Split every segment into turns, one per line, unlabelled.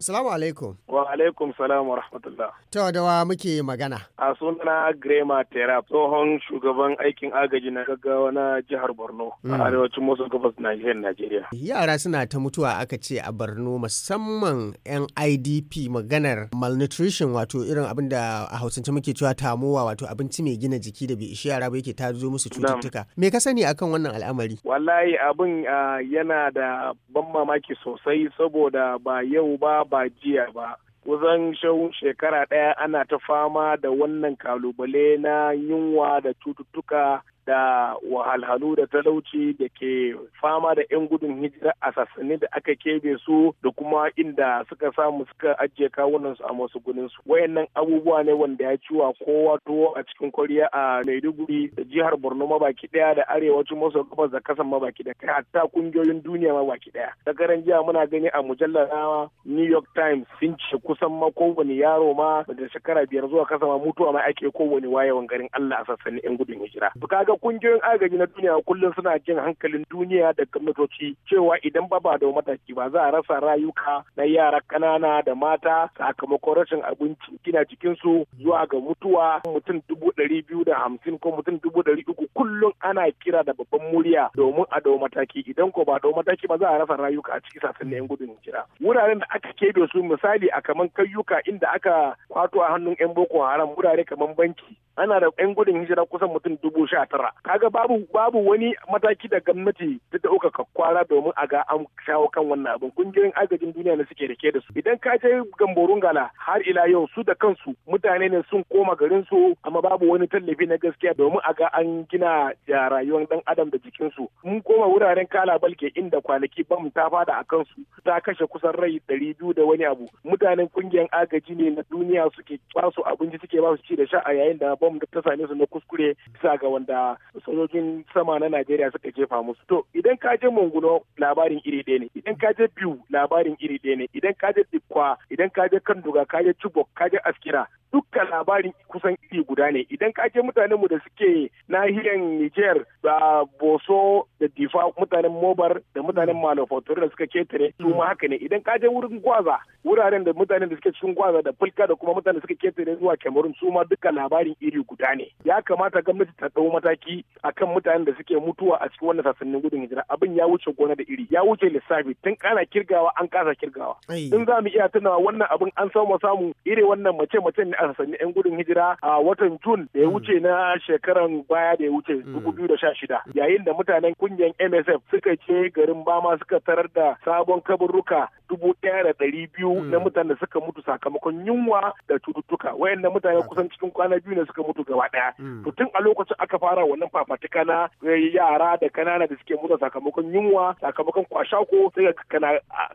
Salamu alaikum. Wa alaikum salam wa rahmatullah. Ta da muke magana. A sunana Grema Tera. tsohon shugaban aikin agaji na gaggawa na jihar Borno a hmm. arewacin maso gabas Najeriya.
Yara suna ta mutuwa aka ce a Borno musamman 'yan IDP maganar malnutrition wato irin abin da a hausance muke cewa tamowa wato abinci mai gina jiki da bai ishi yara ba yake ta zo musu cututtuka. Me ka sani akan wannan al'amari?
Wallahi abin yana da ban mamaki sosai saboda ba yau ba ba jiya ba kusan shekara ɗaya ana ta fama da wannan kalubale na yunwa da cututtuka da wahalhalu da talauci da ke fama da 'yan gudun hijira a sassanin da aka kebe su da kuma inda suka samu suka ajiye kawunan su a masu gudun su wayannan abubuwa ne wanda ya ciwa kowa tuwo a cikin koriya a maiduguri da jihar borno mabaki daya da arewacin maso gabas da kasan mabaki daya kai hatta kungiyoyin duniya mabaki daya sakaran jiya muna gani a mujallar new york times sun ce kusan ma kowane yaro ma da shekara biyar zuwa kasa ma mutuwa ma ake kowane wayewan garin allah a sassanin 'yan gudun hijira kaga kungiyoyin agaji na duniya kullum suna jin hankalin duniya da gwamnatoci cewa idan ba ba da mataki ba za a rasa rayuka na yara kanana da mata sakamakon rashin abinci gina cikinsu zuwa ga mutuwa mutum dubu ɗari biyu da hamsin ko mutum dubu ɗari uku kullum ana kira da babban murya domin a dau mataki idan ko ba dau mataki ba za a rasa rayuka a cikin sassan yan gudun hijira wuraren da aka kebe su misali a kaman kayyuka inda aka kwato a hannun yan boko haram wurare kaman banki ana da yan gudun hijira kusan mutum dubu sha marra kaga babu babu wani mataki da gwamnati ta dauka kwara domin a ga an shawo kan wannan abin kungiyoyin agajin duniya ne suke rike da su idan ka je gamborun gala har ila yau su da kansu mutane ne sun koma garin su amma babu wani tallafi na gaskiya domin a ga an gina da rayuwar dan adam da jikin su mun koma wuraren kala balke inda kwanaki bam ta fada a kansu ta kashe kusan rai ɗari biyu da wani abu mutanen kungiyar agaji ne na duniya suke basu abinci suke basu ci da sha a yayin da bam ta same su na kuskure bisa ga wanda sojojin sama na Najeriya suka jefa musu. To idan ka je Manguno labarin iri ɗaya ne, idan ka je Biu labarin iri ɗaya ne, idan ka je Dikwa, idan ka je Kanduga, ka je Chibok, ka je Askira dukkan labarin kusan iri guda ne idan ka je mutanen mu da suke nahiyar Niger da Boso da Difa mutanen Mobar da mutanen mm. Malofotor da suka ketare su ma mm. haka ne idan ka je wurin Gwaza wuraren da mutanen da suke cikin Gwaza da Fulka da kuma mutanen da suke ketare zuwa Cameroon su ma dukkan labarin iri guda ne ya kamata gwamnati ta dau mataki akan mutanen da suke mutuwa a cikin wannan sasannin gudun hijira abin ya wuce gona da iri ya wuce lissafi tun kana kirgawa an kasa kirgawa in za mu iya tunawa wannan abin an samu samu iri wannan mace mace ne an sami 'yan gudun hijira a watan Jun da ya hmm. wuce na shekaran baya da ya wuce hmm. biyu da sha shida. yayin da mutanen kungiyar MSF suka ce garin Bama suka tarar da sabon kaburruka dubu ɗaya da ɗari biyu hmm. na mutanen da suka mutu sakamakon yunwa da cututtuka Wayanda mutane kusan cikin kwana biyu ne suka mutu gaba ɗaya to tun a lokacin aka fara wannan fafatuka na eh, yara da kanana da suke mutu sakamakon yunwa sakamakon kwashako sai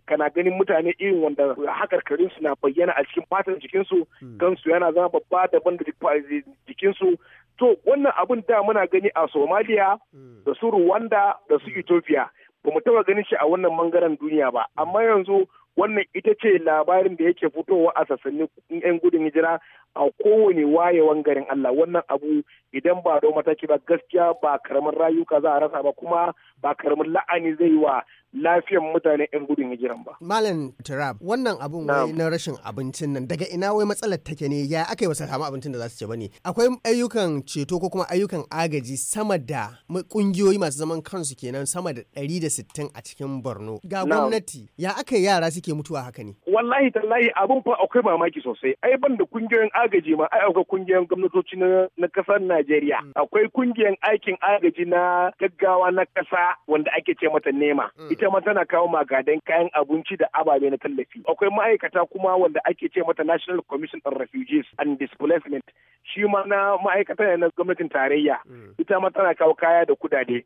kana ganin mutane irin wanda hakar karin su na bayyana a cikin fatan jikinsu gansu yana zama babba daban da jikinsu to wannan abun da muna gani a somalia da su rwanda da su ethiopia ba mu taba ganin shi a wannan mangaren duniya ba amma yanzu wannan ita ce labarin da yake fitowa a sassanin 'yan gudun hijira a kowane wayewan garin Allah wannan abu idan ba don mataki ba gaskiya ba karamin rayuka za a rasa ba kuma ba karamin la'ani zai yi wa lafiyar mutane 'yan gudun hijiran ba.
Malam Tirab, wannan abun wai na rashin abincin nan daga ina wai matsalar take ne ya aka yi wasu samu abincin da za su ce ne? Akwai ayyukan ceto ko kuma ayyukan agaji sama da kungiyoyi masu zaman kansu kenan sama da 160 a cikin Borno. Ga gwamnati ya aka yara suke mutuwa haka ne.
Wallahi tallahi abun fa akwai mamaki sosai. Ai ban da kungiyoyin agaji ma ai akwai kungiyoyin gwamnatoci na kasar Najeriya. Mm. Akwai kungiyan aikin agaji na gaggawa na kasa wanda ake ce mata nema. Mm. Ita ita ma tana kawo magadan kayan abinci da ababe na tallafi akwai ma'aikata kuma wanda ake ce mata National Commission on Refugees and Displacement shi ma na ma'aikata ne na gwamnatin tarayya mm. ita ma tana kawo kaya da kudade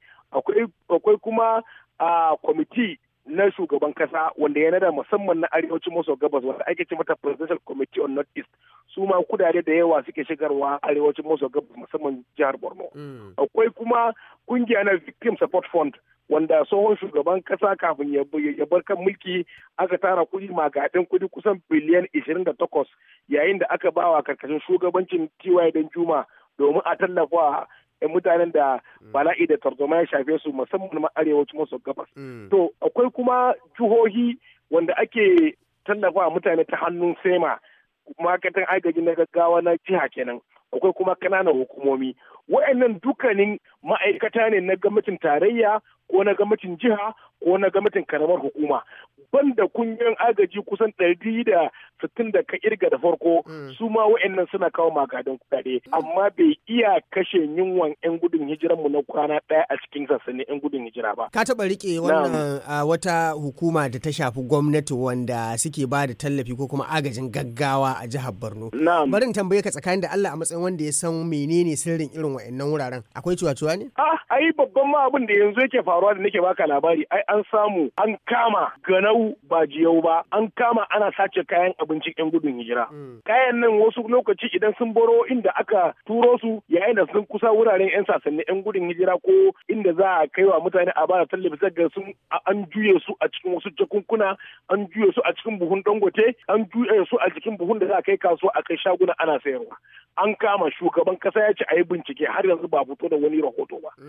akwai kuma a kwamiti na shugaban kasa wanda ya nada musamman na arewacin maso gabas wanda ake ce mata presidential committee on north east su ma kudade da yawa suke shigarwa arewacin maso gabas musamman jihar borno mm. akwai kuma kungiya na victim support fund wanda tsohon shugaban kasa kafin ya bar kan mulki aka tara kuɗi magadin kuɗi kusan biliyan 28 yayin da aka bawa karkashin shugabancin tiwaye don juma domin a tallafa yan mutanen da mm. bala'i da tarzoma ya shafe su musamman ma arewacin maso gabas. Mm. To akwai kuma jihohi wanda ake tallafa mutane ta hannun sema ma'aikatan agaji na gaggawa na jiha kenan akwai kuma ƙananan hukumomi wa'annan dukkanin ma'aikata ne na gwamnatin tarayya ko na gwamnatin jiha ko na gwamnatin karamar hukuma Banda da kunyan agaji kusan ɗari da sittin da ka irga da farko mm. su ma wa'annan suna kawo magadan kuɗaɗe amma bai iya kashe yunwan 'yan gudun hijiranmu na kwana ɗaya a cikin sassanin 'yan gudun hijira ba. Ka taɓa riƙe wannan
wata hukuma da ta shafi gwamnati wanda suke ba da tallafi ko kuma agajin gaggawa a jihar Borno. Bari in tambaye ka tsakanin da Allah a matsayin wanda ya san menene sirrin irin wa'annan wuraren akwai cuwa-cuwa ne?
Ah, ai babban ma abin da yanzu yake faruwa da nake baka labari ai an samu an kama ganau yau ba ji yau ba an kama ana sace kayan abincin yan gudun hijira mm. kayan nan wasu lokaci idan sun boro inda aka turo su yayin da sun kusa wuraren yan sasanni yan gudun hijira ko inda za a wa mutane a bada tallafi daga sun an juye su a cikin wasu jakunkuna an juye su a cikin buhun dangote an juye su a cikin buhun da za a kai kasuwa a kai shaguna ana sayarwa an kama shugaban kasa ya ce a yi bincike har yanzu ba fito da wani rahoto ba